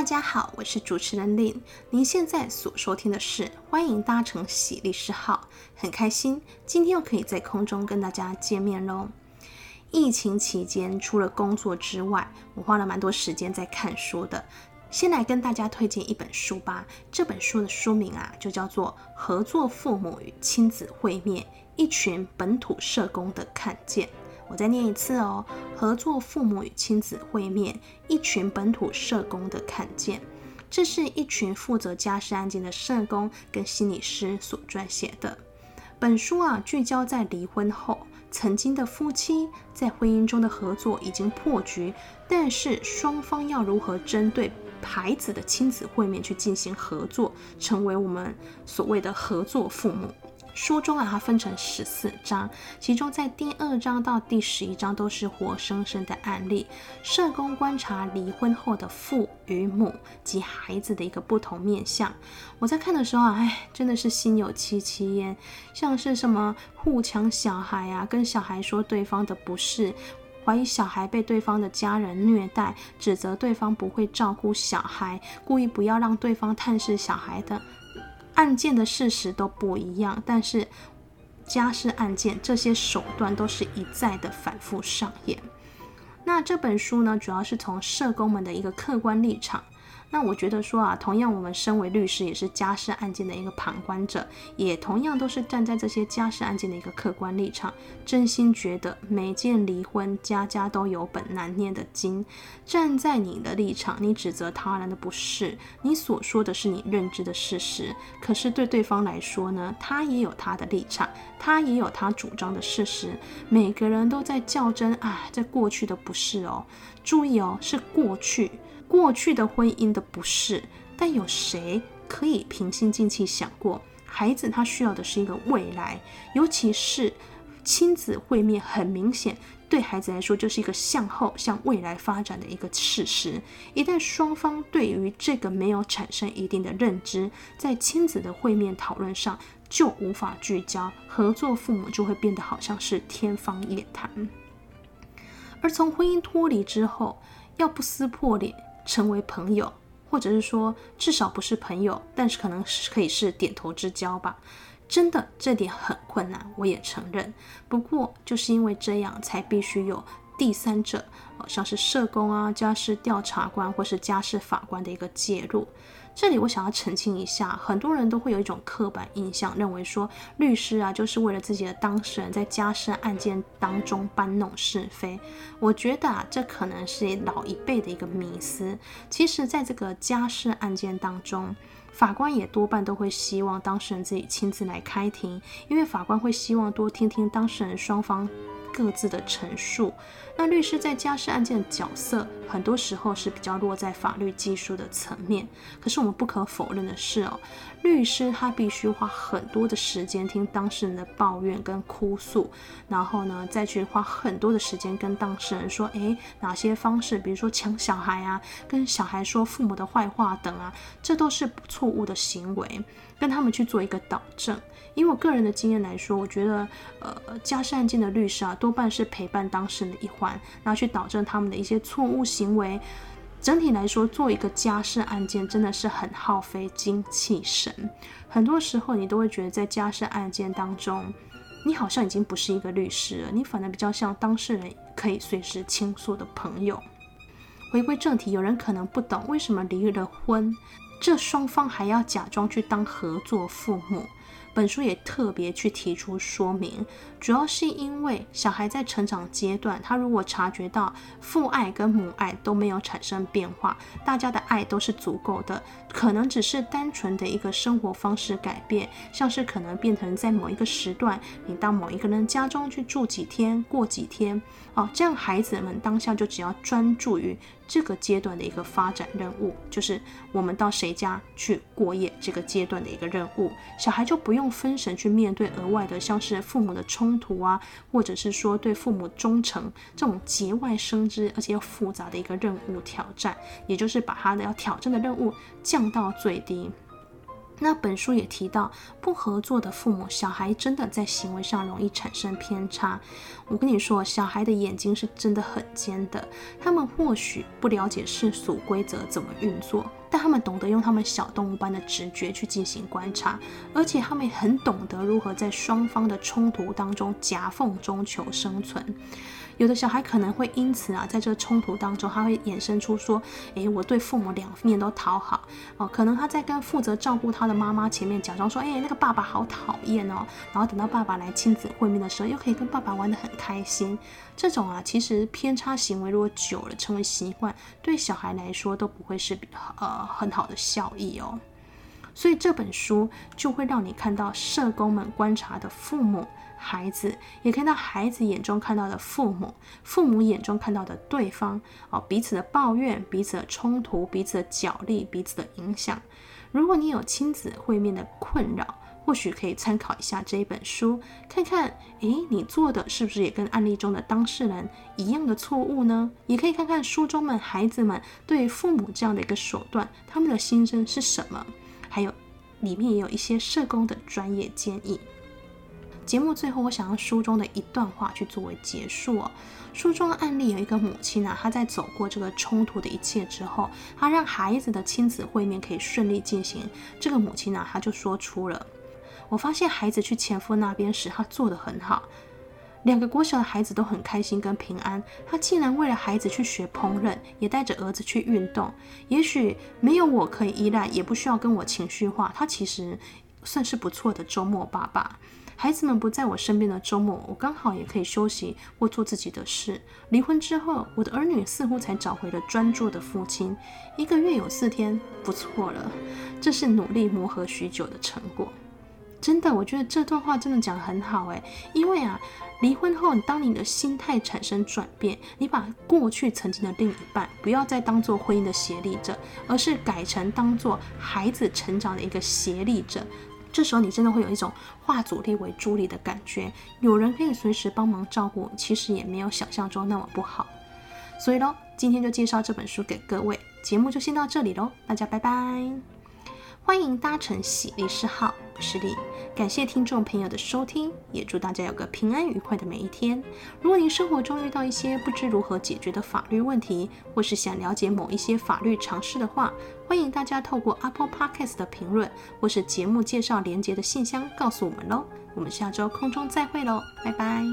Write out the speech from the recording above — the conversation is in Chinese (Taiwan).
大家好，我是主持人 Lynne。您現在所收聽的是《歡迎搭乘喜力士號》，很開心今天又可以在空中跟大家見面嘍。疫情期間，除了工作之外，我花了蠻多時間在看書的。先來跟大家推薦一本書吧。這本書的書名啊，就叫做《合作父母與親子會面：一群本土社工的看見》。我再念一次哦，合作父母與親子會面，一群本土社工的看見，這是一群負責家事案件的社工跟心理師所撰寫的。本書啊，聚焦在離婚後，曾經的夫妻在婚姻中的合作已經破局，但是雙方要如何針對孩子的親子會面去進行合作，成為我們所謂的合作父母。書中把、啊、它分成十四章，其中在第二章到第十一章都是活生生的案例，社工觀察離婚後的父與母及孩子的一個不同面向。我在看的時候啊，哎，真的是心有戚戚焉，像是什麼互搶小孩啊，跟小孩說對方的不是，懷疑小孩被對方的家人虐待，指責對方不會照顧小孩，故意不要讓對方探視小孩的。案件的事實都不一樣，但是家事案件這些手段都是一再的反覆上演。那這本書呢，主要是從社工們的一個客觀立場。那我覺得說啊，同樣我們身為律師，也是家事案件的一個旁觀者，也同樣都是站在這些家事案件的一個客觀立場，真心覺得每件離婚，家家都有本難念的經。站在你的立場，你指責他人的不是，你所說的是你認知的事實。可是對對方來說呢，他也有他的立場，他也有他主張的事實。每個人都在較真啊，在過去的不是哦，注意哦，是過去。過去的婚姻的不是，但有誰可以平心靜氣想過？孩子他需要的是一個未來，尤其是親子會面，很明顯對孩子來說就是一個向後向未來發展的一個事實。一旦雙方對於這個沒有產生一定的認知，在親子的會面討論上就無法聚焦，合作父母就會變得好像是天方夜譚。而從婚姻脫離之後，要不撕破臉，成為朋友，或者是說至少不是朋友，但是可能是可以是點頭之交吧。真的，這點很困難，我也承認。不過就是因為這樣，才必須有第三者，像是社工啊、家事調查官或是家事法官的一個介入。這裡我想要澄清一下，很多人都會有一種刻板印象，認為說律師啊，就是為了自己的當事人在家事案件當中搬弄是非。我覺得啊，這可能是老一輩的一個迷思。其實，在這個家事案件當中，法官也多半都會希望當事人自己親自來開庭，因為法官會希望多聽聽當事人雙方各自的陳述。那律師在家事案件的角色，很多時候是比較落在法律技術的層面。可是我們不可否認的是哦，律師他必須花很多的時間聽當事人的抱怨跟哭訴，然後呢再去花很多的時間跟當事人說，誒，哪些方式，比如說搶小孩啊，跟小孩說父母的壞話等啊，這都是錯誤的行為，跟他們去做一個導正。以我個人的經驗來說，我覺得呃，家事案件的律師啊。多半是陪伴當事人的一環，然後去導正他們的一些錯誤行為。整體來說，做一個家事案件真的是很耗費精氣神。很多時候，你都會覺得在家事案件當中，你好像已經不是一個律師了，你反而比較像當事人可以隨時傾訴的朋友。回歸正題，有人可能不懂為什麼離了婚，這雙方還要假裝去當合作父母。本書也特別去提出說明，主要是因為小孩在成長階段，他如果察覺到父愛跟母愛都沒有產生變化，大家的愛都是足夠的，可能只是單純的一個生活方式改變，像是可能變成在某一個時段，你到某一個人家中去住幾天，過幾天，哦，這樣孩子們當下就只要專注於。這個階段的一個發展任務，就是我們到誰家去過夜這個階段的一個任務，小孩就不用分神去面對額外的，像是父母的衝突啊，或者是說對父母忠誠這種節外生枝而且要複雜的一個任務挑戰，也就是把他的要挑戰的任務降到最低。那本書也提到，不合作的父母，小孩真的在行為上容易產生偏差。我跟你說，小孩的眼睛是真的很尖的，他們或許不了解世俗規則怎麼運作，但他們懂得用他們小動物般的直覺去進行觀察，而且他們很懂得如何在雙方的衝突當中夾縫中求生存。有的小孩可能會因此啊，在這個衝突當中，他會衍生出說，誒我對父母兩面都討好哦，可能他在跟負責照顧他的媽媽前面假裝說，哎，那個爸爸好討厭哦，然後等到爸爸來親子會面的時候，又可以跟爸爸玩得很開心。這種啊，其實偏差行為如果久了成為習慣，對小孩來說都不會是呃很好的效益哦。所以這本書就會讓你看到社工們觀察的父母、孩子，也看到孩子眼中看到的父母、父母眼中看到的對方哦，彼此的抱怨、彼此的衝突、彼此的角力、彼此的影響。如果你有親子會面的困擾，或許可以參考一下這一本書，看看誒，你做的是不是也跟案例中的當事人一樣的錯誤呢？也可以看看書中們孩子們對父母這樣的一個手段，他們的心聲是什麼？還有，裡面也有一些社工的專業建議。節目最後，我想要書中的一段話去作為結束哦。書中的案例有一個母親呢、啊，她在走過這個衝突的一切之後，她讓孩子的親子會面可以順利進行。這個母親呢、啊，她就說出了：“我發現孩子去前夫那邊時，他做得很好。”兩個國小的孩子都很開心跟平安，他竟然為了孩子去學烹飪，也帶着兒子去運動。也許沒有我可以依賴，也不需要跟我情緒化。他其實算是不錯的周末爸爸。孩子們不在我身邊的周末，我剛好也可以休息或做自己的事。離婚之後，我的兒女似乎才找回了專注的父親。一個月有四天，不錯了。這是努力磨合許久的成果。真的，我覺得這段話真的講得很好哎，因為啊，離婚後當你的心態產生轉變，你把過去曾經的另一半不要再當做婚姻的協力者，而是改成當做孩子成長的一個協力者，這時候你真的會有一種化阻力為助力的感覺，有人可以隨時幫忙照顧，其實也沒有想象中那麼不好。所以嘍，今天就介紹這本書給各位，節目就先到這裡嘍，大家拜拜，歡迎搭乘喜力士號。實力感謝聽眾朋友的收聽，也祝大家有個平安愉快的每一天。如果您生活中遇到一些不知如何解決的法律問題，或是想了解某一些法律常識的話，歡迎大家透過 Apple Podcast 的評論，或是節目介紹連結的信箱告訴我們嘍。我們下周空中再會嘍，拜拜。